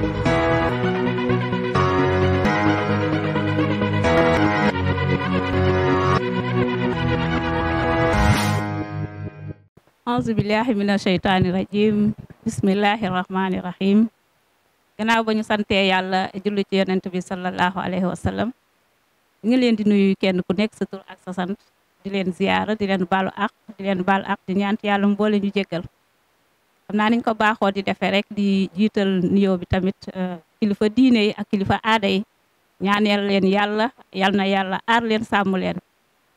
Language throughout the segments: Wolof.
auzu billahi mina sheytaani rajim bismillahi rahmaani rahim gannaaw bañu ñu santee yàlla julli ci yonent bi sallallahu alayhi wa ñu ngi leen di nuyu kenn ku nekk sa tur ak sa sant di leen ziyaara di leen baalu ak di leen baal ak di ñaant yàlla mboole ñu jéggal xam naa niñ ko baaxoo di defee rek di jiital nuyoo bi tamit euh, kilifa diine yi ak kilifa aada yi ñaaneel leen yàlla yal na yàlla aar leen sàmm leen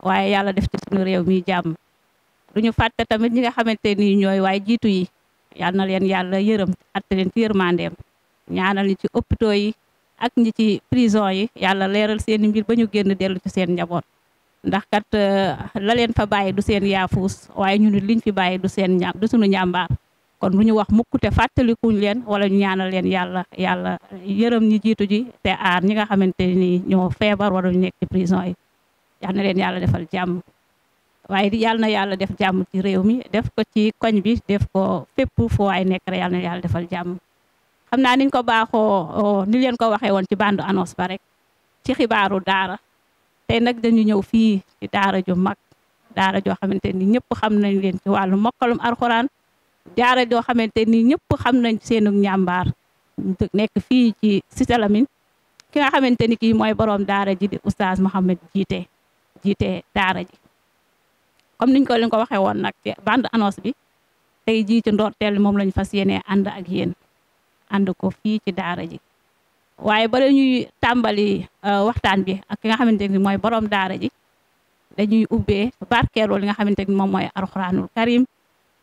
waaye yàlla def ci suñu réew mi jàmm du ñu fàtte tamit ñi nga xamante ni ñooy waaye jiitu yi yal na leen yàlla yërëm at leen ci yërmandeem ñaanal ñi ci hôpitaux yi ak ñi ci prison yi yàlla leeral seen mbir ba ñu génn dellu ci seen njaboot ndax kat euh, la leen fa bàyyi du seen yaafuus waaye ñu liñ fi bàyyi du seen ña suñu njàmbaar kon lu ñu wax mukk te fàttalikuñ leen wala ñu ñaanal leen yàlla yàlla yërëm ñi jiitu ji te aar ñi nga xamante ni ñoo feebar wala ñu nekk ci prison yi yal na leen yàlla defal jàmm waaye di yàlla na yàlla def jàmm ci réew mi def ko ci koñ bi def ko fépp fu waay nekk rek yàlla na yàlla defal jàmm xam naa niñ ko baaxoo oh, ni leen ko waxee woon ci bande annonce ba rek ci xibaaru daara te nag dañu ñëw fii ci daara ju mag daara joo xamante ni ñëpp xam nañ leen ci wàllu mokkalum arxuraan daara joo xamante ni ñëpp xam nañ seenu njàmbaar nekk fii ci Cité Lamy ki nga xamante ni kii mooy borom daara ji di oustaz Mouhamed jiite jiite daara ji comme niñ ko leen ko waxee woon nag bande annonce bi tey jii ci ndorteel moom lañ fas yéenee ànd ak yéen ànd ko fii ci daara ji waaye bala ñuy tàmbali euh, waxtaan bi ak ki nga xamante ni mooy borom daara ji dañuy ubbee barkeeloo li nga xamante ni moom mooy alxuraanul karim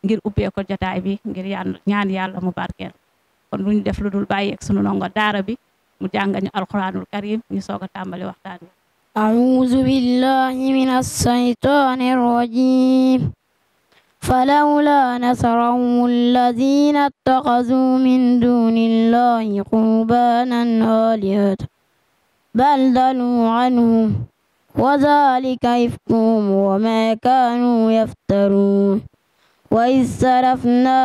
ngir ubbee ko jotaay bi ngir ñaan yàlla mu barkeel kon lu ñu def lu dul bàyyi ak sunu ndongo daara bi mu jàngañu alquranul karim ñu soog a tàmbali waxtaan bi أعوذ بالله من الشيطان الرجيم فلولا نصرهم الذين اتخذوا من دون الله قربانا آلهة بل ضلوا عنهم وذلك إفكهم وما كانوا يفترون وإذ صرفنا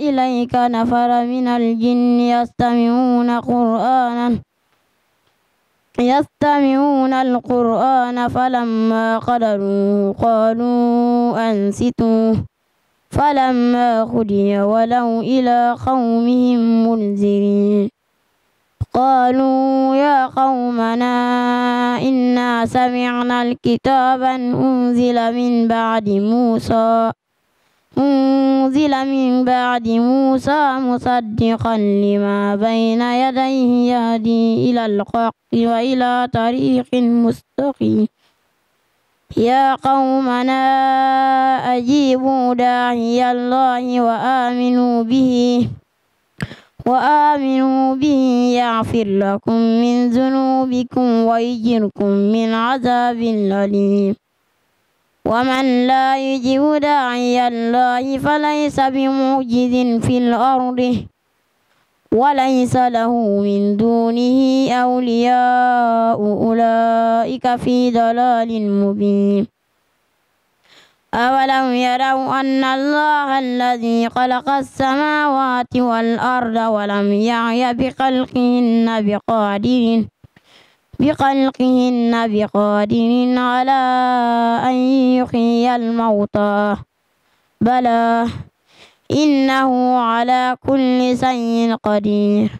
إليك نفرا من الجن يستمعون قرآنا يستمعون القرآن فلما قدروا قالوا أنصتوا فلما قضي ولوا إلى قومهم منذرين قالوا يا قومنا إنا سمعنا الكتابا أنزل من بعد موسى أنزل من بعد موسى مصدقا لما بين يديه يهدي إلى الحق وإلى طريق مستقيم يا قومنا أجيبوا داعي الله وآمنوا به وآمنوا به يغفر لكم من ذنوبكم ويجركم من عذاب أليم ومن لا يجب داعي الله فليس بمعجز في الأرض وليس له من دونه أولياء أولئك في ضلال مبين أولم يروا أن الله الذي خلق السماوات والأرض ولم يعي بخلقهن بقادر بخلقهن بقادر على أن يحيي الموتى بلى إنه على كل شيء قدير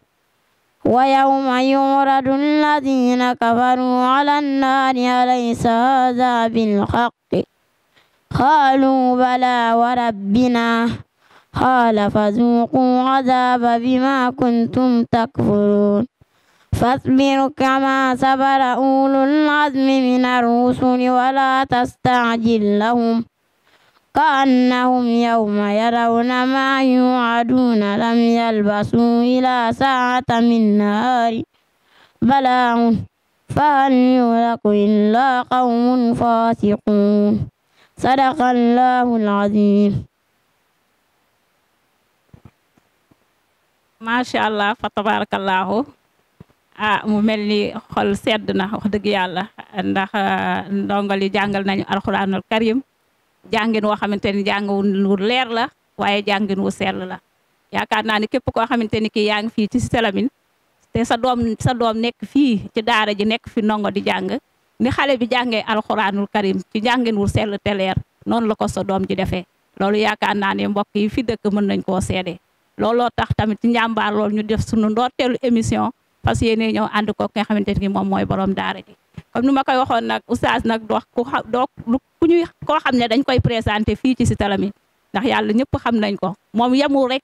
ويوم يعرض الذين كفروا على النار أليس هذا بالحق قالوا بلى وربنا قال فذوقوا العذاب بما كنتم تكفرون فاصبر كما صبر أولو العزم من الرسل ولا تستعجل لهم كأنهم يوم يرون ما يوعدون لم يلبثوا إلا ساعة من نهار بلاغ فهل يهلك إلا قوم فاسقون صدق الله العظيم macha allah fa tabarakallahu a ah, mu mel ni xol sedd na dëgg yàlla ndax ah, ndongal yi jàngal nañu alxuraanul karim jàngin woo xamante ni jàng wu leer la waaye jàngin wu sell la yaakaar naa ni képp koo xamante ni kii yaa ngi fii ci Salamine te sa doom sa doom nekk fii ci daara ji nekk fi ndongo di jàng ni xale bi jànge alxuraanul karim ci jàngin wu sell te leer noonu la ko sa doom ji defee loolu yaakaar naa ne mbokk yi fi dëkk mën nañ koo seede looloo tax tamit ci njàmbaar loolu ñu def sunu ndorteelu émission fas yéene ñëw ànd ko nga xamante ni moom mooy borom daara ji comme ni ma koy waxoon nag oustaz nag dox ku xa doo ku ñuy koo xam ne dañ koy présenté fii ci si Lamy ndax yàlla ñëpp xam nañ ko moom yemul rek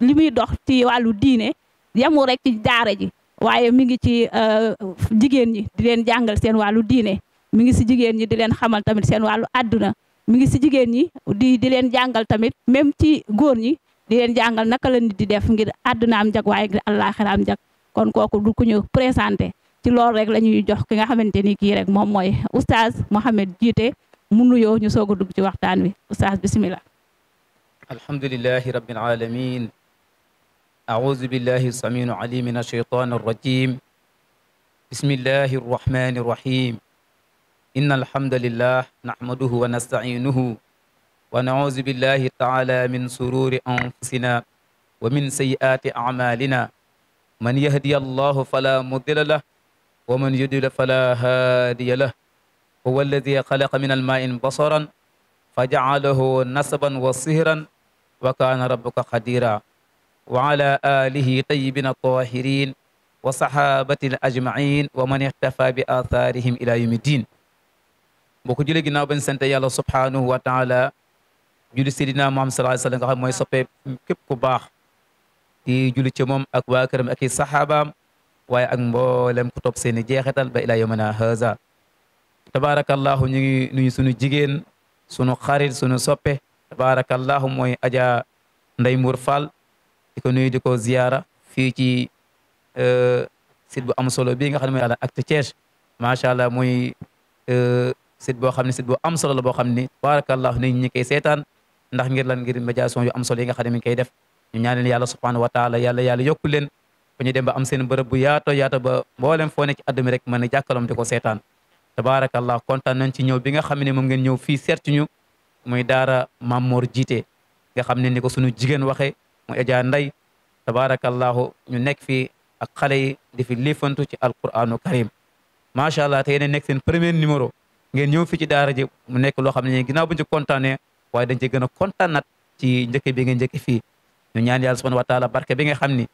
li muy dox ci wàllu diine yemul rek ci daara ji waaye mi ngi ci euh, jigéen ñi di leen jàngal seen wàllu diine mi ngi si jigéen ñi di leen xamal tamit seen wàllu àdduna mi ngi si jigéen ñi di di leen jàngal tamit même ci góor ñi di leen jàngal naka la nit di def ngir àddunaam jag waaye ngir àllaaxiraam jag kon kooku du ku ñu présenté ci loolu rek la ñuy jox ki nga xamante ni kii rek moom mooy oustaz Mohamed Jiite mu nuyoo ñu soog a dugg ci waxtaan wi oustaz bismillah alhamdulilahi rabbil alamin أعوذ بالله السميع العليم من الشيطان الرجيم بسم الله الرحمن الرحيم إن الحمد لله نحمده ونستعينه ونعوذ من يهدي الله فلا مضل له ومن يضلل فلا هادي له هو الذي خلق من الماء بصرا فجعله نسبا وصهرا وكان ربك قديرا وعلى آله طيبين الطاهرين وصحابة الأجمعين ومن اختفى بآثارهم إلى يوم الدين mbokk julli ginnaaw bañ sant yàlla subhanahu wa taala julli sidina Muhammad sallallahu alayhi wa sallam nga xam mooy soppee képp ku baax di julli ci moom ak waa këram ak i saxaabaam waaye ak mboolem ku topp seen i jeexital ba ilaa yawmina haza tabaarakallahu ñu ngi nuyu sunu jigéen sunu xarit sunu soppe tabaarakallahu mooy aja nday mbuur fall di ko nuyu di ko ziyaara fii ci euh, site bu am solo bii nga xam ne mooy yàlla acte Thiès macha allah muy euh, site boo xam ne site bu am solo la boo xam ne tabaarakallahu nit ñi koy seetaan ndax ngir lan ngir médiation yu am yi nga xam mi ngi def ñu ñaan leen yàlla subhanahu wa taala yàlla yàlla yokku leen fu ñu dem ba am seen bërëb bu yaato yaato ba mboolem foo ne ci àdduna rek mën a jàkkalom ko seetaan tabaarakallah kontaan nañ ci ñëw bi nga xam ne moom ngeen ñëw fii seet ñu muy daara Mamor jiite nga xam ne ni ko suñu jigéen waxee mu Adja Nday tabaarakallahu ñu nekk fii ak xale yi di fi liifantu ci alquranu karim macha allah te yéen nekk seen premier numéro ngeen ñëw fi ci daara ji mu nekk loo xam ne ginnaaw bu ñu kontaanee waaye dañ ci gën a kontaanat ci njëkk bi ngeen fii ñu ñaan yàlla subhanahu wa taala barke bi nga xam ni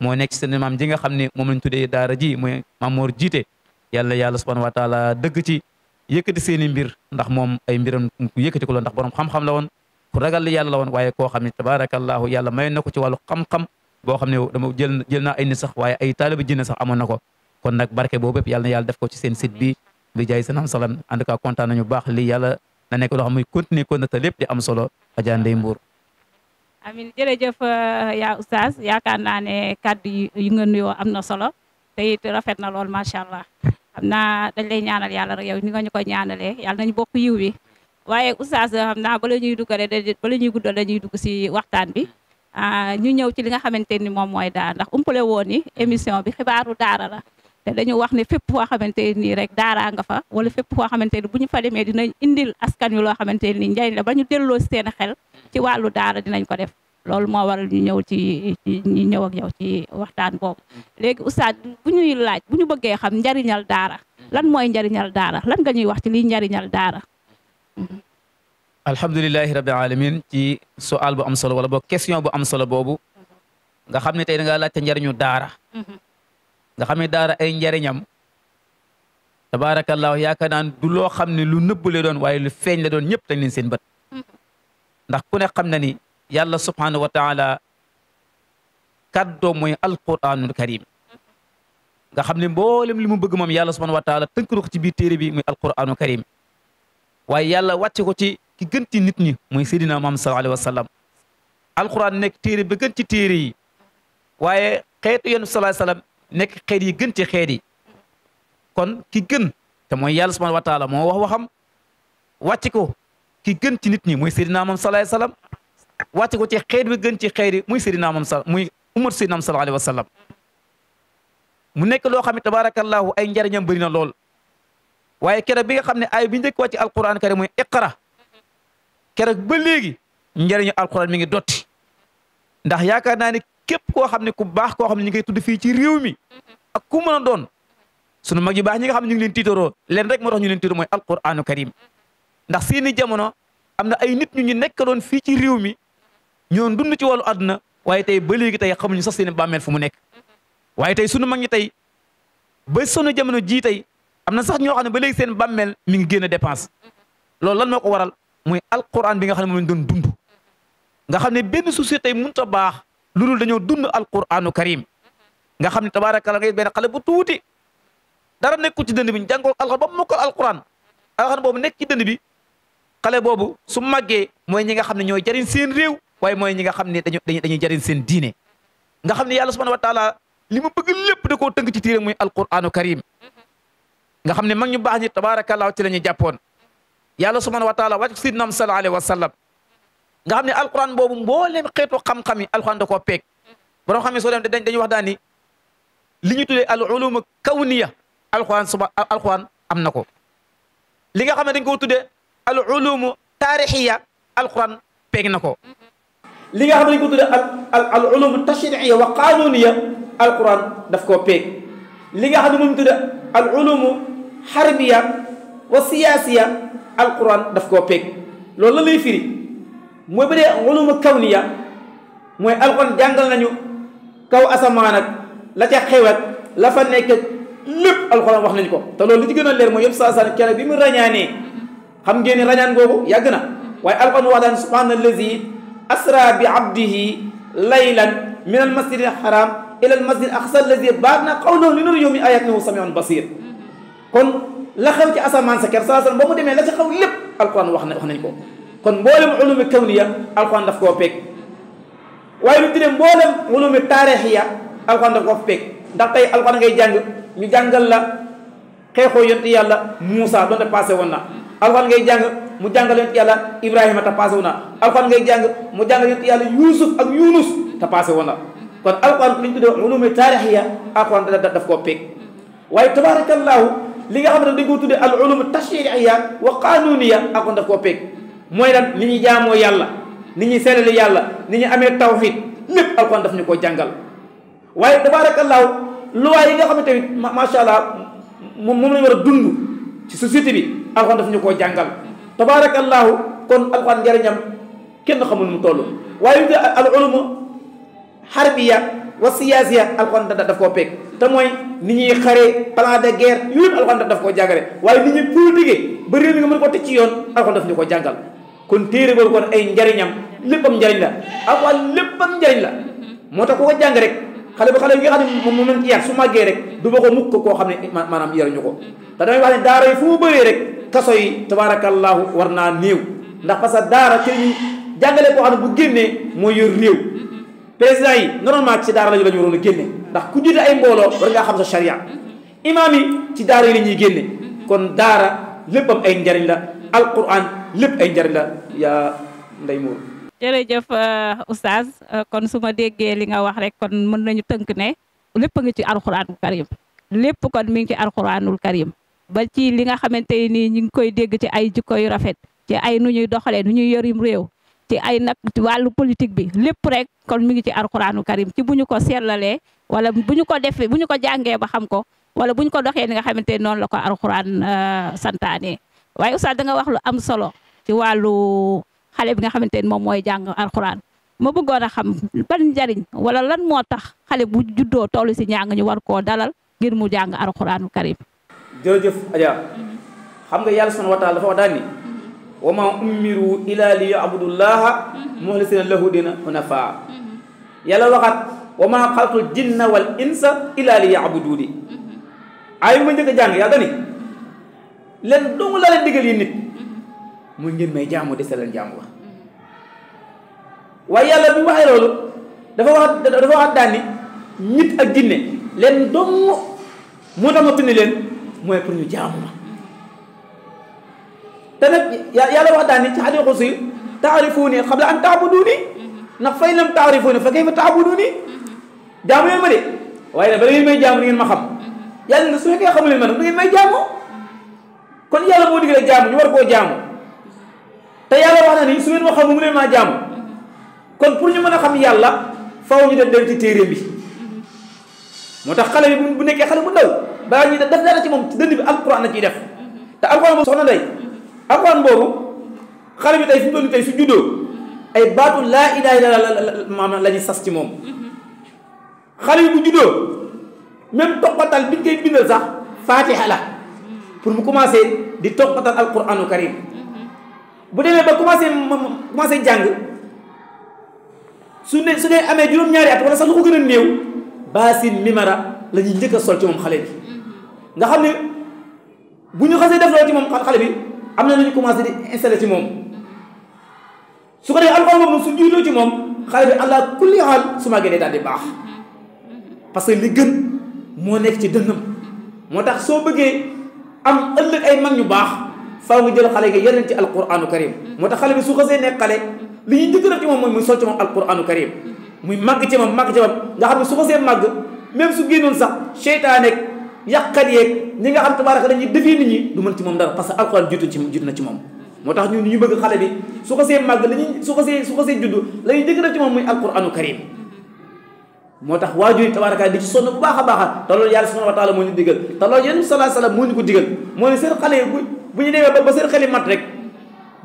moo nekk seen maam ji nga xam ni moom lañ tuddee daara ji mooy Mamour jiite yàlla yàlla subhanahu wa taala dëgg ci yëkkati seen i mbir ndax moom ay mbiram ku yëkkati ko la ndax borom xam-xam la woon ku ragal yàlla la woon waaye koo xam ne tabarakallahu yàlla may na ko ci wàllu xam-xam boo xam ne dama jël jël naa ay nit sax waaye jinne sax amoon na ko kon nag barke boobu yëpp yàlla na yàlla def ko ci seen site bi bi jaay seen am salam en tout cas kontaan nañu amin jërëjëf euh, yaa oustaz yaakaar naa ne yi yi nga nuyoo am na solo te it rafet na lool macha allah am naa dañ lay ñaanal yàlla rek yow ni nga ñu ko ñaanalee yàlla nañu bokk yiw wi waaye oustaz xam naa bala ñuy duggale bala ñuy guddal dañuy dugg si waxtaan bi a ah, ñu ñëw ci li nga xamante ni moom mooy daara ndax umpale woon ni émission bi xibaaru daara la te dañu wax ne fépp foo xamante nii rek daaraa nga fa wala fépp foo xamante ni bu ñu fa demee dinañ indil askan wi loo xamante ni njëriñ la ba ñu delloo seen xel ci wàllu daara dinañ ko def loolu moo waral ñu ñëw ci ñu ñëw ak yow ci waxtaan boobu léegi oustaz bu ñuy laaj bu ñu bëggee xam njariñal daara lan mooy njariñal daara lan nga ñuy wax ci li njariñal daara mhm. alhamdulilahi rabbil alamin ci soal bu am solo wala boog question bu am solo boobu nga xam ne tey da nga njariñu daara mhm. nga xam ne daara ay njariñam tabaarakallaahu yaakaar naan du loo xam ne lu nëbb la doon waaye lu feeñ la doon ñëpp dañ leen seen bët ndax ku ne xam na ni yàlla subhaanahu wa taala kàddoo mooy alquranul karim nga xam ne mboolem li mu bëgg moom yàlla subhaanahu wa taala tënk ko ci biir téere bi muy alquranul karim waaye yàlla wàcce ko ci ki gën ci nit ñi mooy seydina Muhammad sallallaahu alayhi wa sallam nekk téere ba gën ci téere yi waaye xeetu yéen sallallahu alayhi nekk xeet yi gën ci xeet kon ki gën te mooy yàlla subhanahu wa taala moo wax waxam wàcc ko ki gën ci nit ñi muy Seydina moom salaay salaam wàcc ko ci xeet bi gën ci xeet muy Seydina moom sa muy umar Seydina moom sallallahu alayhi mu nekk loo xam ne tabarakallahu ay njariñam bëri na lool waaye keroog bi nga xam ne ay bi njëkk wàcc alquran karim muy iqra keroog ba léegi njariñu alquran mi ngi dotti ndax yaakaar naa képp koo xam ne ku baax koo xam ne ñu ngi koy tudd fii ci réew mi ak doon sunu mag yu baax ñi nga xam ne ñu ngi leen tiitaroo leen rek moo tax ñu leen tiitaroo mooy alquranu karim ndax am na ay nit ñu ñu nekkaloon fii ci réew mi ñoon dund ci wàllu àdduna waaye tey ba léegi tey xam xamuñu sax seen bàmmeel fo mu nekk waaye tey sunu mag ñi tey ba sunu jamono jii tey am na sax ñoo xam ne ba léegi seen bàmmeel mi ngi génn dépense loolu lan moo ko waral mooy alquran bi nga xam ne moom lañ doon dund nga xam ne benn société tey mënut a baax lu dul dañoo dund alquranu karim nga xam ne tabaaraka la nga benn xale bu tuuti dara nekkul ci dënd bi ñu jàngoo alxuraan ba mokkal alquran alxuraan boobu nekk ci dënd bi xale boobu su màggee mooy ñi nga xam ne ñooy jariñ seen réew waaye mooy ñi nga xam ne dañu dañuy jariñ seen diine nga xam ne yàlla subhanahu wa taala li mu bëgg lépp da koo tënk ci téere muy alquranu karim nga xam ne mag ñu baax ñi tabaaraka laaw ci la ñu jàppoon yàlla subhanahu wa taala wàcc sidnam sallallahu alayhi wa sallam nga xam ne alquran boobu mbooleem xeetu xam-xam yi alquran da koo borom xam ne soo dem dañ dañuy wax li ñu tuddee al uluma kawniya suba alquran am na ko li nga xam dañ koo tuddee al uluma taarixiya na ko li nga xam ne dañ ko wa qanuniya li nga xam ne moom tuddee al uluma xarbiya wa siyaasiya alquran daf loolu la mooy bu dee uluma kawniya mooy alxuraan jàngal nañu kaw asamaan ak la ca xew ak la fa nekk lépp alxuraan wax nañ ko te loolu li ci gën a leer mooy yëpp saa saan kere bi mu rañaanee xam ngeen ni rañaan googu yàgg na waaye alxuraan wax daan subhaana allazi asra bi abdihi laylan min al masjidil haram ila al masjid aqsa allazi baat na xaw noonu li nuru yawmi ayaatinahu samiun basir kon la xew ci asamaan sa kër saa saan ba mu demee la ca xew lépp alxuraan wax na wax nañ ko kon mboolem ulumi kawniya alxuraan daf koo peeg waaye lu tuddee mboolem ulumi taarixiya alxuraan daf koo peeg ndax tey alxuraan ngay jàng ñu jàngal la xeexoo yonent yàlla Muusa doonte passé woon na alxuraan ngay jàng mu jàngal yonent Ibrahima te passé na alxuraan ngay jàng mu jàngal yàlla Yuusuf ak Yunus te passé na kon alxuraan li ñu tuddee ulumi taarixiya alxuraan daf koo peeg waaye tabaarakallaahu li nga xam ne dañ koo tuddee al ulum tashriiya wa qaanuuniya alxuraan daf koo peeg mooy lan ni ñuy jaamoo yàlla ni ñu sellali yàlla ni ñu amee tawxiid lépp alxuraan daf ñu ko jàngal waaye tabaarakallaahu luwaay yi nga xam ne ma macha allah moom moom la ñu war a dund ci société bi alxuraan daf ñu koo jàngal tabaarakallaahu kon alxuraan njëriñam kenn xamul mu toll waaye yu al uluma xarbiya wa siyaasiya alxuraan daf koo peeg te mooy ni ñuy xaree plan de guerre yooyu alxuraan daf ko jàngale waaye ni ñuy politiquer ba réew mi nga mën ko teg yoon alxuraan daf ñu ko jàngal kon téere boobu kon ay njariñam léppam njariñ la a ah, alxuraan léppam njariñ la moo tax ku ko jàng rek xale bu xale bi nga xam ne moom lañ ci yar su màggee rek du ba ko mukk koo xam ne maanaam yaruñu ko te damay wax ne daara yi fu mu bëree rek kaso yi tabaarakallaahu war naa néew ndax parce que daara ci ñu jàngale koo xam ne bu génnee mooy yor réew président yi normalement ci daara lañu la ñu waroon a génne ndax ku jiite ay mbooloo war ngaa xam sa charia imaam yi ci daara yi la ñuy génne kon daara léppam ay njariñ la alquran lépp ay njariñ la yaa nday muur jërëjëf euh, oustaz euh, kon su ma déggee li nga wax rek kon mën nañu tënk ne lépp a ngi ci alquranul karim lépp kon mi ngi ci alquranul karim ba ci li nga xamante nii ñu ngi koy dégg ci ay jikko yu rafet ci ay nu ñuy doxalee nu ñuy yorim réew ci ay nag wàllu politique bi lépp rek kon mi ngi ci alquraanu karim ci bu ñu ko seetlalee wala bu ñu ko defee bu ñu ko jàngee ba xam ko wala bu ñu ko doxee ni nga xamante ne noonu la ko alquraan euh, santaane waaye oustaz danga wax lu am solo ci wàllu xale bi nga xamante ni moom mooy jàng alxuraan ma bëggoon a xam ban njariñ wala lan moo tax xale bu juddoo toll si njàng ñu war koo dalal ngir mu jàng alxuraanu karim. jërëjëf Adja xam nga yàlla subhaanahu wa taala dafa wax daal ni wa maa umiru ila li yabudullaha muxlisina lahu dina hunafaa yàlla waxaat wa maa xalaqtul jinna wal insa ila li yabuduuni ay ma njëkk a jàng yàlla ni leen dong laa leen digal yi nit muy ngeen may jaamu dese leen jaamu wax waaye yàlla bi mu waxee loolu dafa wax dafa wax daan ni nit ak jinne leen dong moo tax ma bind leen mooy pour ñu jaamu ma te nag yàlla wax daan ni ci xadiis xusi taarifuuni qabla an taabuduuni ndax fa in lam taarifuuni fa kayfa taabuduuni jaamu leen ma de waaye nag bala ngeen may jaamu ngeen ma xam yàlla na su fekkee xamu leen ma nag du ngeen may jaamu kon yàlla moo digle jaamu ñu war koo jaamu te yàlla wax na ni su ngeen ma xamul mu leen maa jaamu kon pour ñu mën a xam yàlla faaw ñu dem dem ci téere bi moo tax xale bi bu nekkee xale bu ndaw balaa ñuy def dara ci moom dënd bi alquran la ciy def te alquran boobu soxna day alquran boobu xale bi tey fi mu doon tey baatu laa ilaaha illallaah maanaam la ñuy sas ci moom xale bi bu juddoo même toqatal biñ koy bindal sax faatiha la pour mu commencé di toppatal alquranu karim mm-hmm. bu demee ba commencé commencé jàng su ne su dee amee juróom-ñaari at wala sax lu ko gën a néew baasin mimara la ñuy a sol ci moom xale bi mm-hmm. nga xam ne bu ñu xasee def loolu ci moom xale bi am na lu ñu commencé di installé ci moom mm-hmm. su ko dee alxuraan boobu moom su jiitoo ci moom xale bi allah kulli xaal su màggee daal di baax parce que li gën moo nekk ci dënnam moo tax soo bëggee. am ëllëg ay mag ñu baax faaw nga jël xale gi yeneen ci karim moo tax xale bi su xasee nekk xale li ñuy dëgg def ci moom mooy muy sol ci moom alquranu karim muy màgg ci moom màgg ci moom nga xam ne su xasee màgg même su génnoon sax seytaane ak yàqkat yeeg ñi nga xam tabaaraka dañuy ñi du na ci moom moo tax ñu bëgg xale su xasee màgg lañuy su xasee su xasee judd la karim moo tax waa yi tabaraka di ci sonn bu baax a baax te loolu yàlla subhanahu wa taala moo ñu digal te loolu yéen salaa salaam moo ñu ko digal moo ne seen xale yi bu bu ñu demee ba seen xel yi mat rek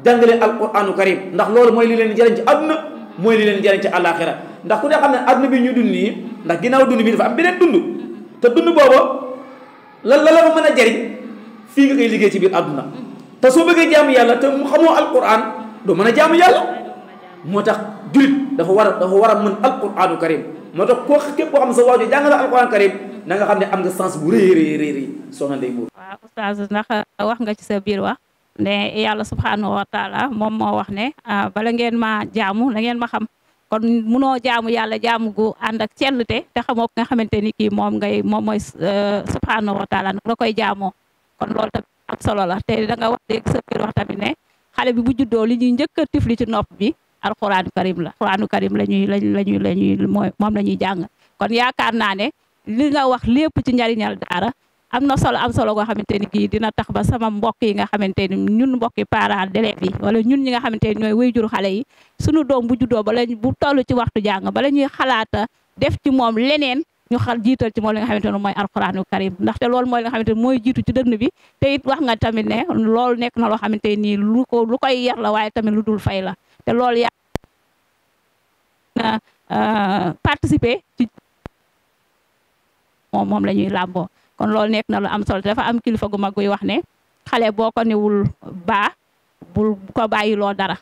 jàngaleen alquranu karim ndax loolu mooy li leen jëriñ ci àdduna mooy li leen jëriñ ci àllaaxira ndax ku ne xam ne àdduna bi ñu dund nii ndax ginnaaw dund bi dafa am beneen dund te dund booba lan la la ma mën a jëriñ fii nga koy liggéey ci biir àdduna te soo bëggee jaamu yàlla te mu xamoo alquran doo mën a jaamu yàlla moo tax jullit dafa war a dafa war a mën alquranu karim moo tax koo képp koo xam ne sa waajur jàng na alxuraan karim xam ne am nga sens bu rëy rëy rëy rëy soxna Ndeye Mbour uh, wax nga ci sa biir wax yàlla subhanahu wa moom moo wax ne uh, bala ngeen ma jaamu na ngeen ma xam kon munoo jaamu yàlla jaamu gu ànd ak cellte te xamoo nga xamante ni kii moom ngay moom mooy uh, subhanahu wa taala koy jaamoo kon loolu tamit am solo ne xale bi bu juddoo li ñuy njëkk a tifli ci nopp bi alxuraanu karim la alxuraanu karim la ñuy la ñuy la ñuy mooy moom la ñuy jàng kon yaakaar naa ne li nga wax lépp ci njariñal daara am na solo am solo goo xamante ni kii dina tax ba sama mbokk yi nga xamante ni ñun mbokki parents d'élèves yi wala ñun ñi nga xamante ni ñooy wayjuru xale yi suñu doom bu juddoo bala bu toll ci waxtu jàng bala ñuy xalaata def ci moom leneen ñu xal jiital ci moom li nga xamante ne mooy alxuraanu karim ndaxte loolu mooy li nga xamante ne mooy jiitu ci dënn bi te it wax nga tamit ne loolu nekk na loo xamante nii lu ko lu koy yar la waaye tamit lu dul fay la te loolu yaa participer ci moom moom la ñuy làmboo kon loolu nekk na lu am solo dafa am kilifa gu mag guy wax ne xale boo ko ba baa bul ko bàyyiloo dara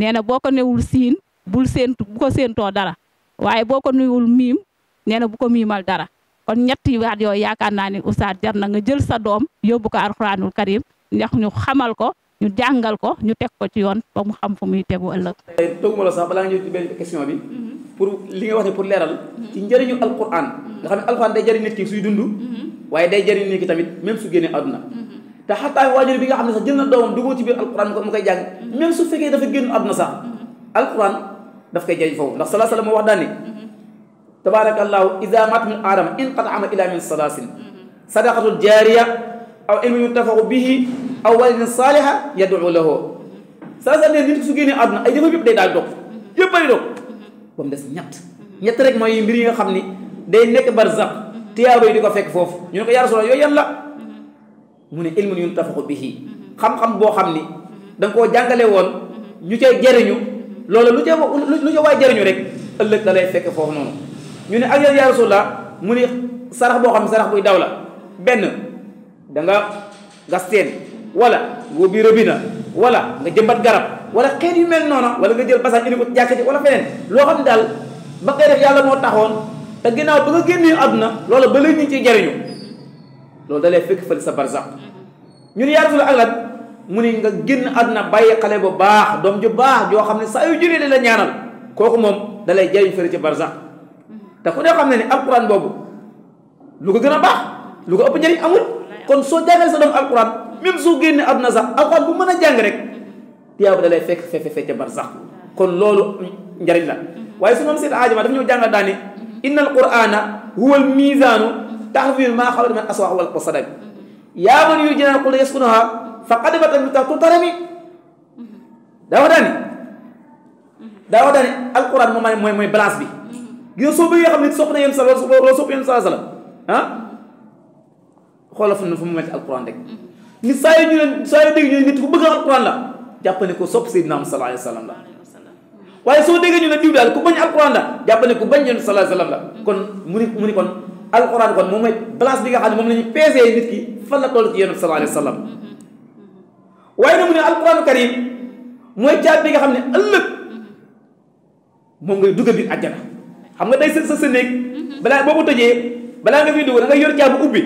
nee na boo ko newul siin bul séentu bu ko séentoo dara waaye boo ko newul miim nee na bu ko miimal dara kon ñetti waat yooyu yaakaar naa ne oustaz jar na nga jël sa doom yóbbu ko alxuraanul karim ndax ñu xamal ko ñu jàngal ko ñu teg ko ci yoon ba mu xam fu muy tegu ëllëg. tooguma la sax balaa nga ñëw ci benn question bi. Mm-hmm. pour li nga wax ne pour leeral. Mm-hmm. ci njëriñu alquran. Mm-hmm. nga xam ne alquran day jëriñ nit ki suy dund. waaye day jëriñ nit ki tamit même su génnee àdduna. te xataa waajur bi nga xam ne sax jël na doomam dugg ci biir alquran mu koy jàng même su fekkee dafa génn àdduna sax alquran daf koy jëriñ foofu ndax salaa salaam moo wax daan ne tabaarakallaahu idaa maata min aadama inqataa ila min salaasin aw walidin saaliha yad'u lahu saa nit ki su génnee àdduna ay jëfam yëpp day daal dog yëpp ay dog ba mu des ñett ñett rek mooy mbir yi nga xam ni day nekk barzaq tiyaaba yi di ko fekk foofu ñu ne ko yaa yooyu yan la mu ne ilmun yuntafaqu bihi xam-xam boo xam ni da koo jàngale woon ñu cay jëriñu loolu lu ca lu ca waay jëriñu rek ëllëg lay fekk foofu noonu ñu ne ak yan yaa mu ne sarax boo xam ne sarax buy daw la benn da nga gas wala ngoo bi wala nga jëmbat garab wala xeet yu mel noonu wala nga jël basaan indi ko jàkka ji wala feneen loo xam daal ba koy def yàlla moo taxoon te ginnaaw ba nga génnee àdduna loola ba léegi ñu ci jariñu loolu dalee fekk fële sa barzaq ñun yaa rasul mu ni nga génn àdduna bàyyi xale bu baax doom ju baax joo xam ne saa yu jëlee di la ñaanal kooku moom dalay jariñ fële ci barzaq mm-hmm. te ku ne xam ne ni alquran boobu lu ko gën a baax lu ko ëpp njëriñ amul kon soo jàngalee sa doom alquran même soo génnee na sax alquran bu mën a jàng rek tiyaaba da lay fekk fefe fecca bar kon loolu njariñ la waaye su moom seet aajama dafa ñëw jàngal daane inna alqurana huwa almizaanu tahwil maa xalata min aswaa wal qasada yaa man yu jinaan qul yaskunaha faqad batat min tahtu tarami daa wax daane daa wax daane alquran moom mooy mooy balance bi gis nga soo bëggee xam ne sopp na yéen sa loolu sopp yéen sa la xoolal na ne fu mu metti alquran rek nit saa yu ñu ne saa yu dégg nit ku bëgg alquran la jàpp ko sopp sayyidina Muhammad sallallahu alayhi wa la waaye soo déggee ñu ne diw daal ku bañ alquran la jàpp ne ku bañ yonent sallallahu alayhi la kon mu mu ni kon alquran kon moom mooy place bi nga xam ne moom la ñu fan la toll ci yonent sallallahu alayhi wa sallam waaye nag mooy caab bi nga xam ne ëllëg moom nga dugg biir àjjana xam nga day sa sa sa néeg mm-hmm. balaa boo ko tëjee balaa nga fiy dugg da ngay yor caab ubbi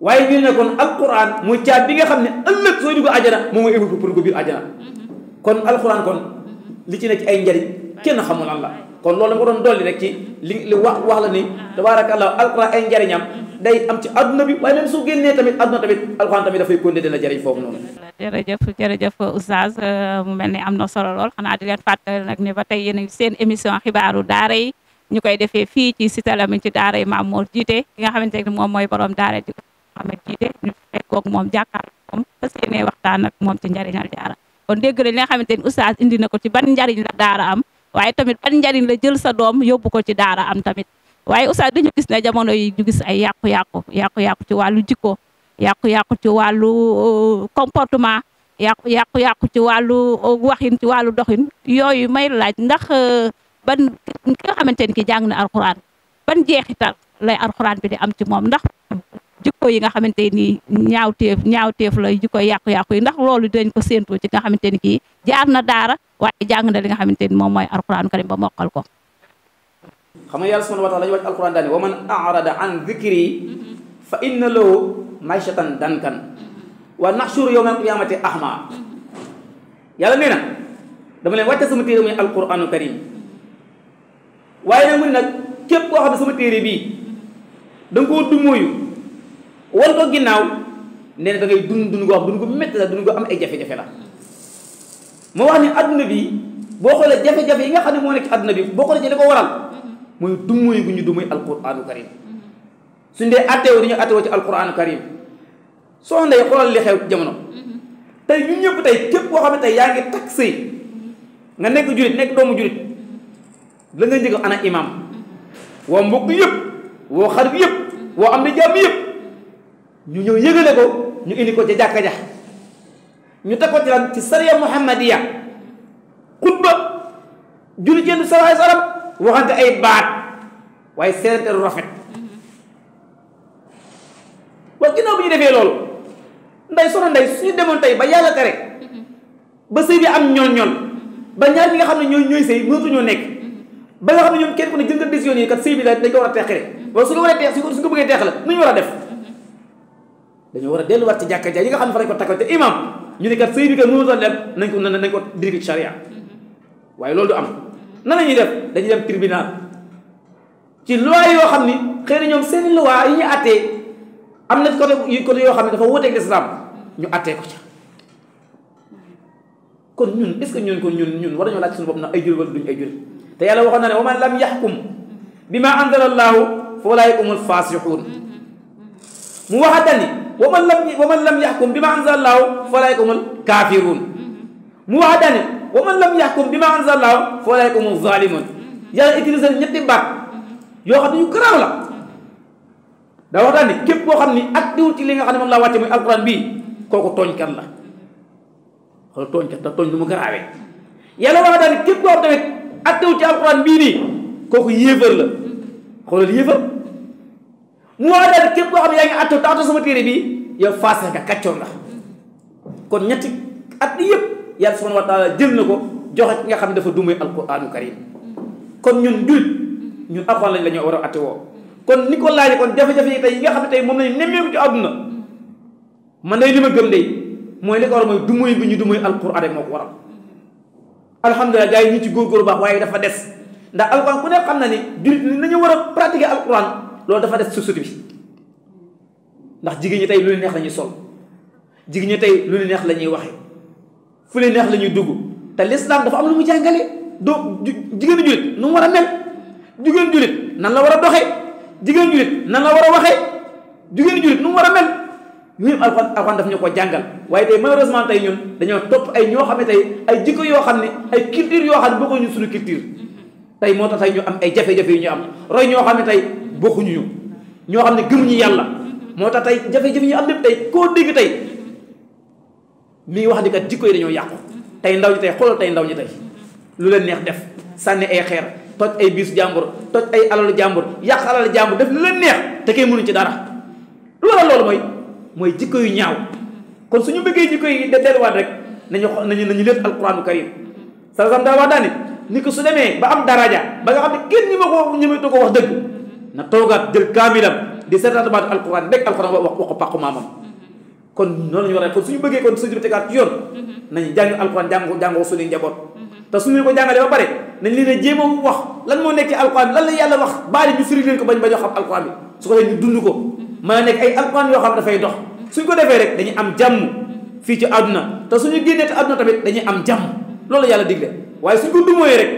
waaye ñu ne kon alquran muy caab bi nga xam ne ëllëg sooy dugg ajana moom mooy ubbi pour dugg biir ajana mm-hmm. kon alquran kon mm-hmm. li ci nekk ay njariñ kenn xamul lan la kon loolu dama ko doon dolli rek ci li li wax wax la ni uh-huh. tabaarakallah alquran ay njariñam mm-hmm. day am ci adduna bi waaye même su génnee tamit adduna tamit alquran tamit dafay continuer dina jariñ foofu noonu. jërëjëf jërëjëf oustaz euh, mu mel ni am na solo lool xanaa di leen fàttali nag ne ba tey yéen seen émission xibaaru daara yi ñu koy defee fii ci Cité Lamy ci daara yi Mamour jiite ki nga xamante ne moom mooy borom daara ji Mohamed Djidé ñu fekkoog moom jàkkaarloo moom fas yéenee waxtaan ak moom ci njariñal daara kon dégg nañ li nga xamante ni oustaz indi na ko ci ban njariñ la daara am waaye tamit ban njariñ la jël sa doom yóbbu ko ci daara am tamit waaye oustaz dañu gis ne jamono yi ñu gis ay yàqu-yàqu yàqu-yàqu ci wàllu jikko yàqu-yàqu ci wàllu uh, comportement yàqu yàqu-yàqu ci wàllu uh, waxin ci wàllu doxin yooyu may laaj ndax uh, ban ki nga xamante ni ki jàng na alxuraan ban jeexital lay alxuraan bi di am ci moom ndax jikko yi nga xamante ni ñaaw ñaawteef la jikko yàqu-yàqu yi ndax loolu dañ ko séentoo ci nga xamante ni kii jaar na daara waaye jàng na li nga xamante ni moom mooy alquraan karim ba mokkal ko xam nga yàlla subhanahu wa taala lañu wàcc alquran daani wa man arada wa nahshuru yawmal qiyamati ahma yàlla nee na dama leen wàcce sama téere muy alquranu karim waaye nag mu ne nag képp koo xam sama téere bii da nga koo wan ko ginnaaw nee na da ngay dund dund ko wax dund ko métti la dund ko am ay jafe-jafe la moo wax ne adduna bi boo xoolee jafe-jafe yi nga xam ne moo nekk adduna bi boo xoolee ci li ko waral mooy dummuy bu ñu dumuy alquranu karim suñ dee atteewu dañu atteewu ci alquranu karim soo ndey xoolal li jamono tey ñun ñëpp tey képp koo xam ne tey yaa ngi takk sëy nga nekk jurit nekk doomu jurit la nga njëkk ana imam woo mbokk yëpp woo xarit yëpp woo am na jàmm yëpp ñu ñëw yëgale ko ñu indi ko ca jàkka ja ñu teg ko ci lan ci sariya muhammadiya xutba julli jënd salaay salam waxante ay baat waaye seente lu rafet waaye ginnaaw bi ñu defee loolu nday sono nday suñu demoon tey ba yàlla tere ba sëy bi am ñoon ñoon ba ñaar ñi nga xam ne ñooy ñooy sëy mënatuñoo nekk ba nga xam ne ñoom kenn ku ne jël nga décision yi kat sëy bi dañ ko war a teqale wala su ko waree teex su ko bëggee teex la nu ñu war a def dañoo war a delluwaat ci jàkka ja yi nga xam ne fa lañ ko takkal te imam ñu ne kat sëy bi kat mënut a dem nañ ko nañ ko diri ci charia waaye loolu du am na la ñuy def dañuy dem tribunal ci loi yoo xam ni xëy na ñoom seen loi yi ñu attee am na côté yu côté yoo xam ne dafa wuuteeg lislaam ñu attee ko ca kon ñun est-ce que ñun kon ñun ñun war nañoo laaj suñu bopp na ay jur wala duñ ay jur te yàlla waxoon na ne wa man lam yaxkum bi ma anzala allahu fa ulaa'ika mu waxaat wa man lam wa man lam yaxkum bi ma anzallaahu fa laykumul kaafiruun mu wax dane wa bi ma anzallaahu fa laykumul zaalimuun yàlla utilisé ñetti yoo xam ne yu garaaw la daa wax daal képp koo xam ni ak diwul ci li nga xam ne moom laa wàcce muy alquran bii kooku tooñkat la xool tooñkat la mu garaawee yàlla wax nii kooku yéefar la mm. xoolal yéefar moo dal képp koo xam ne yaa ngi atto taatu sama téere bi yow faase nga kàccoor la kon ñetti at yëpp yàlla subhanahu wa taala jël na ko joxe ki nga xam ne dafa dumay alquranu karim kon ñun dul ñun alxuraan lañ la ñoo war a atte woo kon ni ko laajee kon jafe-jafe yi tey yi nga xam ne tey moom lañu nemmeeku ci àdduna man day li ma gëm day mooy li ko war mooy dumay bi ñu dumay alquran rek moo ko waral alhamdulilah gars yi ñu ci góorgóor baax waaye dafa des ndax alquran ku ne xam na ni jullit ni nañu war a pratiquer alquran loolu dafa des société bi ndax jigéen ñi tey lu leen neex lañuy sol jigéen ñi tey lu leen neex la ñuy waxe fu leen neex la ñuy dugg te lislaam dafa am lu mu jàngale doo jigéen jullit nu mu war a mel jigéen jullit nan la war a doxee jigéen jullit nan la war a waxee jigéen jullit nu mu war a mel yooyu yëpp alxuraan alxuraan daf ñu ko jàngal waaye tey malheureusement tey ñun dañoo topp ay ñoo xam ne tey ay jikko yoo xam ne ay culture yoo xam ne bokkul ñu suñu culture mm-hmm. tey moo tax tey ñu am ay jafe-jafe yu ñu am roy ñoo xam ne tey bokkuñu ñu ñoo xam ne gëmuñu yàlla moo tax tey jafe-jafe ñu am lépp tey koo dégg tey mi ngi wax ni kat jikko yi dañoo yàqu tey ndaw ñi tey xoolal tey ndaw ñi tey lu leen neex def sànni ay xeer toj ay biisu jàmbur toj ay alalu jàmbur yàq alalu jàmbur def lu leen neex te kay mënu ci dara lu waral loolu mooy mooy jikko yu ñaaw kon su ñu bëggee jikko yi de delluwaat rek nañu xo nañu nañu lépp alquranu karim sa sam daa wax daani ni ko su demee ba am daraja ba nga xam ne kenn ñi ma ko ñëmetu ko wax dëgg na toogaat jël kaamilam di seetaan baat alquran nekk alquran wax wax ko pàqu maamam kon noonu la ñu waree kon suñu bëggee kon suñu tegaat ci yoon mm-hmm. nañu jàng alquran jàng ko jàngoo suñuy njaboot mm-hmm. te suñu ko jàngalee ba pare nañ leen a jéem a wax lan moo nekk ci alquran lan la yàlla wax baali ñu firi leen ko bañ bañoo xam alquran bi su ko defee ñu dund ko mm-hmm. mën a nekk ay alquran yoo xam dafay dox suñ ko defee rek dañuy am jàmm fii ci àdduna te suñu génnee te àdduna tamit dañuy am jàmm loolu yàlla digle waaye suñ ko dumooyee rek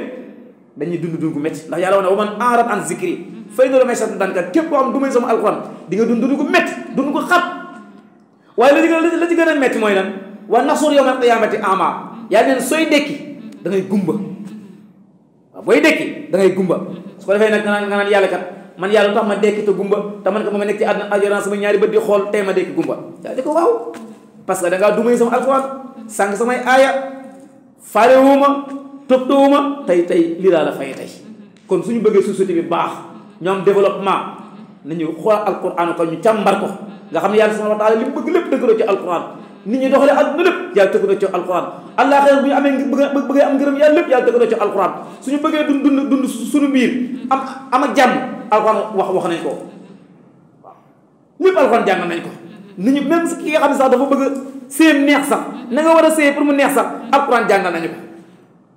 dañuy dund dund gu métti ndax yàlla wax ne wa man aarat an zikri fay na la may sat ndànka képp koo xam du may sama alxuraan di nga dund dund gu la ci gën a la ci gën a métti mooy lan wa nasur yawmal qiyaamati sooy dekki da ngay gumba waaw booy da ngay gumba su defee nag nga naan yàlla kat man yàlla lu ma dekki te gumba te man ko ma nekk ci àdduna ajran di xool tey ma dekki gumba yaa di ko waaw parce que da ngaa du may sama alxuraan samay aaya faale toptoowuma tey tey lii laa la fay tey kon su ñu bëggee société bi baax ñu am développement nañu xool alquran ko ñu càmbar ko nga xam ne yàlla subhanahu wa taala li lépp dëgg ci alquran nit ñi doxalee àdduna lépp yàlla tëgg na ci alquran allah xel bu ñu amee bëgg bëggee am ngërëm yàlla lépp yàlla tëgg na ci alquran suñu bëggee dund dund dund suñu biir am am ak jàmm alquran wax wax nañ ko waaw lépp alquran jàng nañ ko nit ñi même ki nga xam ne sax dafa bëgg a neex sax na nga war a séy pour mu neex sax alquran jàngal nañu ko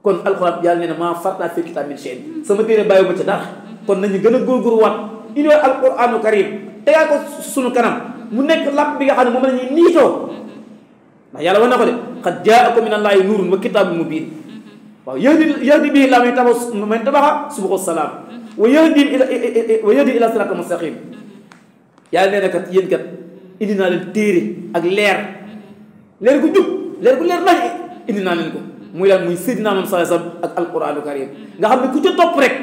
kon alxuraan yàlla nee na maa fartaa fii kitaab min shay sama téere bàyyi ma ca dara kon nañu gën a góorgóorluwaat indi alxuraanu karim tegaa ko sunu kanam mu nekk làpp bi nga xam ne moom la ñuy niitoo ndax yàlla wax na ko de qad jaakum min allaahi nuurun wa kitaabun mubiin waaw yahdi yahdi bihi llaahu man ittaba'a man ittaba'a subula salaam wa yahdihim wa yahdi ila siraatin mustaqim yàlla nee na kat yéen kat indi naa leen téere ak leer leer gu jub leer gu leer nañ indi naa leen ko muy lan muy Seydina Muhammad sallallahu alayhi wa sallam ak alquranu karim nga xam ne ku ca topp rek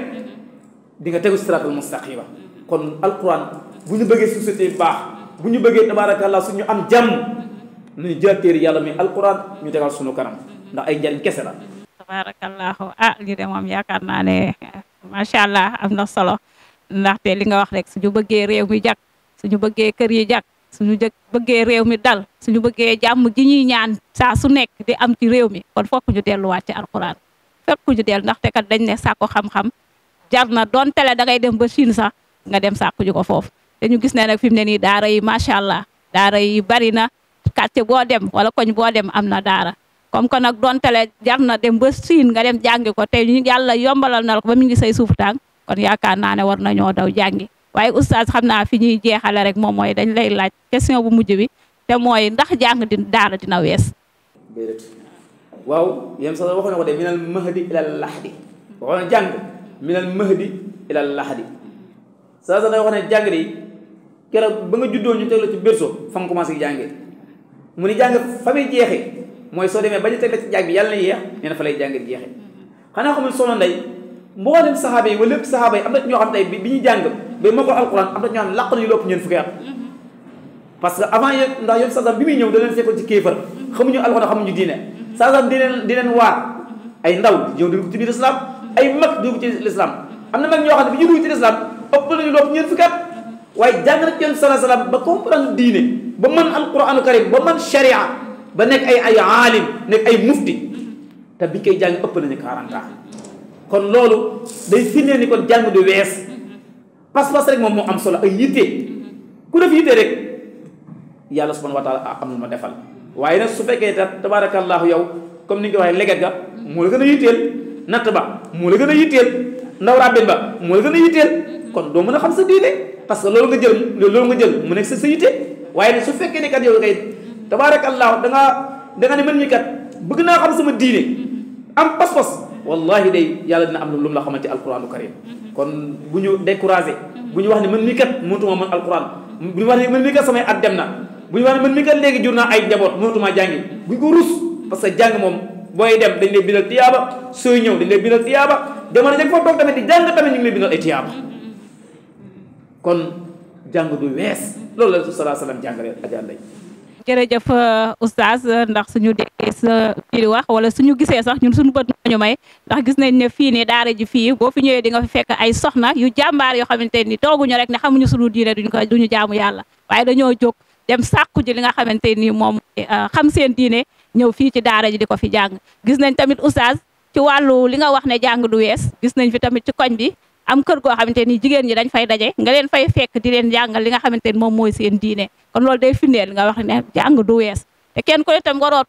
di nga tegu siraatal mustaqima kon alquran bu ñu bëggee société bu baax bu ñu bëggee tabaarakallah suñu am jàmm mu jël téere yàlla mi alquran ñu tegal suñu kanam ndax ay njariñ kese la tabaarakallahu ah lii de moom yaakaar naa ne macha allah am na solo ndaxte li nga wax rek suñu bëggee réew mi jag suñu bëggee kër yi jag suñu jë bëggee réew mi dal suñu bëggee jàmm ji ñuy ñaan saa su nekk di am ci réew mi kon fokk ñu delluwaat ci alxuraan fokk ñu dellu te kat dañ ne sàkku xam-xam jar na doon tele da dem ba Chine sax nga dem sàkku ji ko foofu te ñu gis ne nag fi mu ne nii daara yi macha allah daara yi bari na quartier boo dem wala koñ boo dem am na daara comme kon nag doon tele jar na dem ba Chine nga dem jàngi ko te ñu yàlla yombalal na ko ba mu ngi say suuf tàng kon yaakaar naa ne war nañoo daw jàngi waaye oustaz xam naa fi ñuy jeexale rek moom mooy dañ lay laaj question bu mujj bi te mooy ndax jàng di daara dina wees waaw yéen sax ko de minal mahdi ilal lahdi waxoon na jàng minal mahdi ilal lahdi saa sax day wax ne jàng di ñu teg la ci berceau fa nga commencé mu ni jàng fa mooy soo demee ba ñu teg bi yàlla na yeex nee na fa lay jàng jeexee mm-hmm. xanaa xamul soxna ndey mboolem saxaaba yi wala saxaaba yi am na ñoo xam bi ñuy jàng mais ko alxuraan am na ñaan parce que avant yéen ndax yéen bi muy ñëw da leen fekkoon ci kéefar xamuñu alxuraan xamuñu diine ndaw yow dugg ci biir lislaam ay mag dugg ci am na mag ñoo xam ne bi ñu dugg ci lislaam ëpp nañu lépp ñeent fukki at waaye jàng na ci yéen sala salaam ba comprendre diine ba karim ba mën sharia ba nekk ay ay aalim nekk ay mufti te biñ koy jàng ëpp nañu 40 ans kon loolu day firndeel ni kon jàng du wees pas-pas rek moom moo am solo ay yitte mm-hmm. ku def yitte rek yàlla subhanahu wa taala am na ma defal waaye nag su fekkee ta tabaarakallaahu yow comme ni nga ko waxee leget ga moo la gën a yitteel natt ba moo la gën a yitteel ndaw ràbbin ba moo la gën a yitteel mm-hmm. kon doo mën a xam sa diine parce que loolu nga jël loolu nga jël mu nekk sa sa yitte waaye nag su fekkee ne kat yow kay tabaarakallaahu da ngaa da ne man mi kat bëgg naa xam sama diine am pas wallahi de yàlla dina am lu mu la xamal ci alquranu karim kon bu ñu découragé bu ñu wax ne man mi kat mënutuma mën alquran bu ñu wax ne man mi kat samay at dem na bu ñu wax ne man mi kat léegi jur naa ay njaboot mënutuma jàngi bu ñu ko rus parce que jàng moom booy dem dañ lay bindal tiyaaba soo ñëw dañ lay bindal tiyaaba jamono dañ fa toog tamit di jàng tamit ñu ngi lay bindal ay tiyaaba kon jàng du wees loolu la sallallahu alayhi wa sallam jàngalee ajaan lay jërëjëf euh, oustaz ndax suñu déggee sa biir wax wala suñu gisee sax ñun suñu bët nañu may ndax gis nañ ne fii ne daara ji fii boo fi ñëwee di nga fi fekk ay soxna yu jàmbaar yoo xamante ni tooguñu rek ne xamuñu suñu diine duñ ko duñu jaamu yàlla waaye dañoo jóg dem sàkku ji li nga xamante nii moom euh, xam seen diine ñëw fii ci daara ji di ko fi jàng gis nañ tamit oustaz ci wàllu li nga wax ne jàng du wees gis nañ fi tamit ci koñ bi am kër goo xamante ni jigéen ñi dañ fay daje nga leen fay fekk di leen jàngal li nga xamante ni moom mooy seen diine kon loolu day firndeel nga wax ne jàng du wees te kenn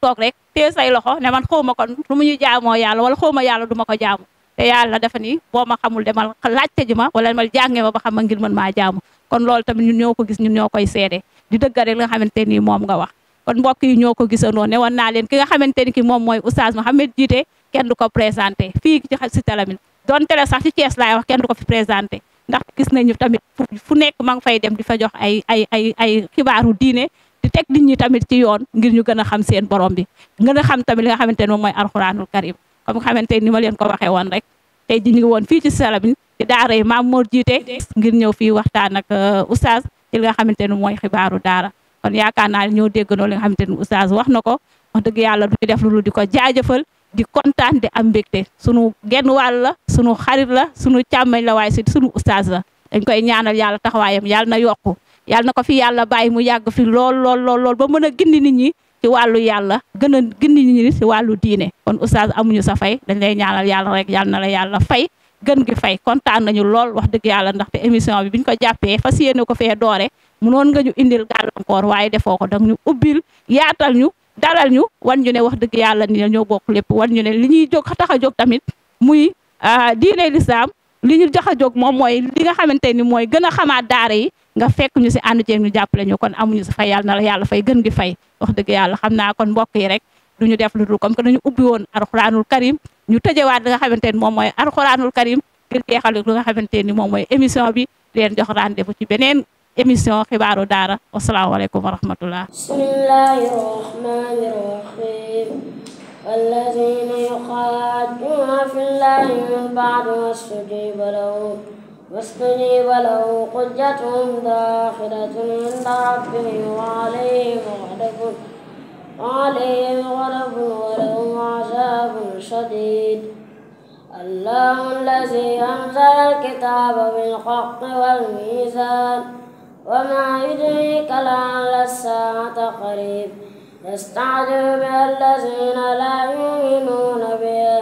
toog rek tee loxo ne man xaw ma kon lu mu ñuy jaamoo yàlla wala xaw ma yàlla du ko jaamu te yàlla dafa ni boo ma xamul demal laajte ji ma wala mal jàngee ma ba xam ma ngir mën maa jaamu kon loolu tamit ñun ñoo ko gis ñun ñoo koy seede di dëggal li nga xamante ni moom nga wax kon mbokk yi ñoo ko gisandoo ne woon naa leen ki nga xamante ni ki moom mooy oustaz Mouhamed Djité kenn ken ko présenté fii ci Cité Lamy donte la sax ci Thiès laay wax kenn du ko fi présenté ndax gis nañu tamit fu nekk ma ngi fay dem di fa jox ay ay ay ay xibaaru diine di teg nit ñi tamit ci yoon ngir ñu gën a xam seen borom bi gën a xam tamit li nga xamante ne moom mooy alxuraanul karim comme nga xamante ni ma leen ko waxee woon rek tey ji ñu ngi woon fii ci Salamine di daara yi maam Mor jiite ngir ñëw fii waxtaan ak euh, oustaz ci li nga xamante ne mooy xibaaru daara kon yaakaar naa ne ñoo déggandoo li nga xamante ne oustaz wax na ko wax dëgg yàlla du def lu di ko jaajëfal di kontaan di am mbégte sunu genn wàll la sunu xarit la sunu càmmañ la waaye si sunu ustaas la dañ koy ñaanal yàlla taxawaayam yàlla na yokku yàlla na ko fi yàlla bàyyi mu yàgg fi lool lool ba mën a gindi nit ñi ci wàllu yàlla gën a gindi nit ñi wàllu diine kon ustaas amuñu sa fay dañ lay ñaanal yàlla rek yàlla na la yàlla fay gën gi fay kontaan nañu lool wax dëgg yàlla ndax ndaxte émission bi biñ ko jàppee fa yéene ko fee doore mënoon ga ñu indil gàllankoor waaye defoo ko dang ñu ubbil yaatal ñu daral ñu wan ñu ne wax dëgg yàlla ni ñoo bokk lépp wan ñu ne li ñuy jóg tax taxa jog tamit muy ah, diine lislaam li ñu tax a jóg moom mooy li nga xamante ni mooy gën a xamaat daara yi nga fekk ñu si ànd ceeg ñu jàppale ñu kon amuñu si fay yàlla na la yàlla fay gën gi fay wax dëgg yàlla xam naa kon mbokk yi rek du ñu def lu dul comme que dañu ubbi woon arxuraanul karim ñu tëjewaat li nga xamante ni moom mooy arxuraanul karim ngir li nga xamante ni moom mooy émission bi leen jox rendez-vous ci beneen émission xibaaru daara wasalaamaaleykum wa rahmatullah bismillahi rahmani rahim walladina yuqaatuna fillahi min baadi wastujiba lahu wastujiba lahu xujjatuhum daaxiratun inda rabbihim wa alayhim ghadabun wa alayhim ghadabun wa lahum azaabun shadiid الله الذي أنزل الكتاب بالحق والميزان وما يدريك لعل الساعة قريب يستعجل بها الذين لا يؤمنون بها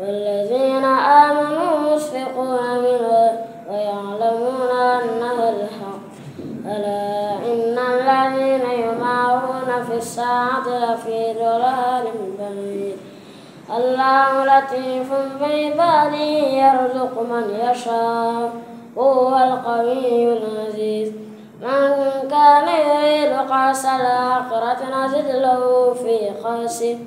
والذين آمنوا مشفقون منها ويعلمون أنها الحق ألا إن الذين يمارون في الساعة لفي ضلال بعيد الله لطيف بعباده يرزق من يشاء هو القوي العزيز من كان يريد قاس الآخرة نزد له في خاسه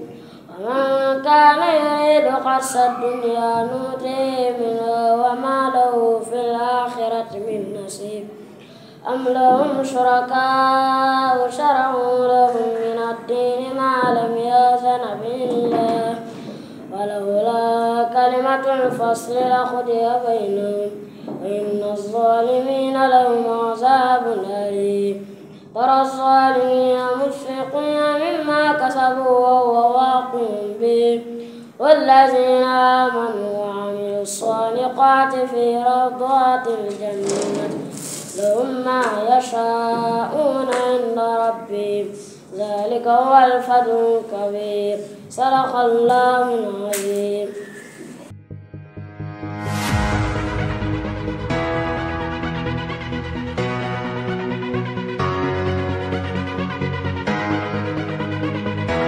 ومن كان يريد قرص الدنيا نوته منه وما له في الآخرة من نصيب أم لهم شركاء شرعوا لهم من الدين ما لم يأذن به الله ولولا كلمة الفصل لقضي بينهم إن الظالمين لهم عذاب أليم ترى الظالمين مشفقين مما كسبوا وهو واقع بهم والذين آمنوا وعملوا الصالحات في روضات الجنة لهم ما يشاءون عند ربهم ذلك هو الفضل الكبير صدق الله العظيم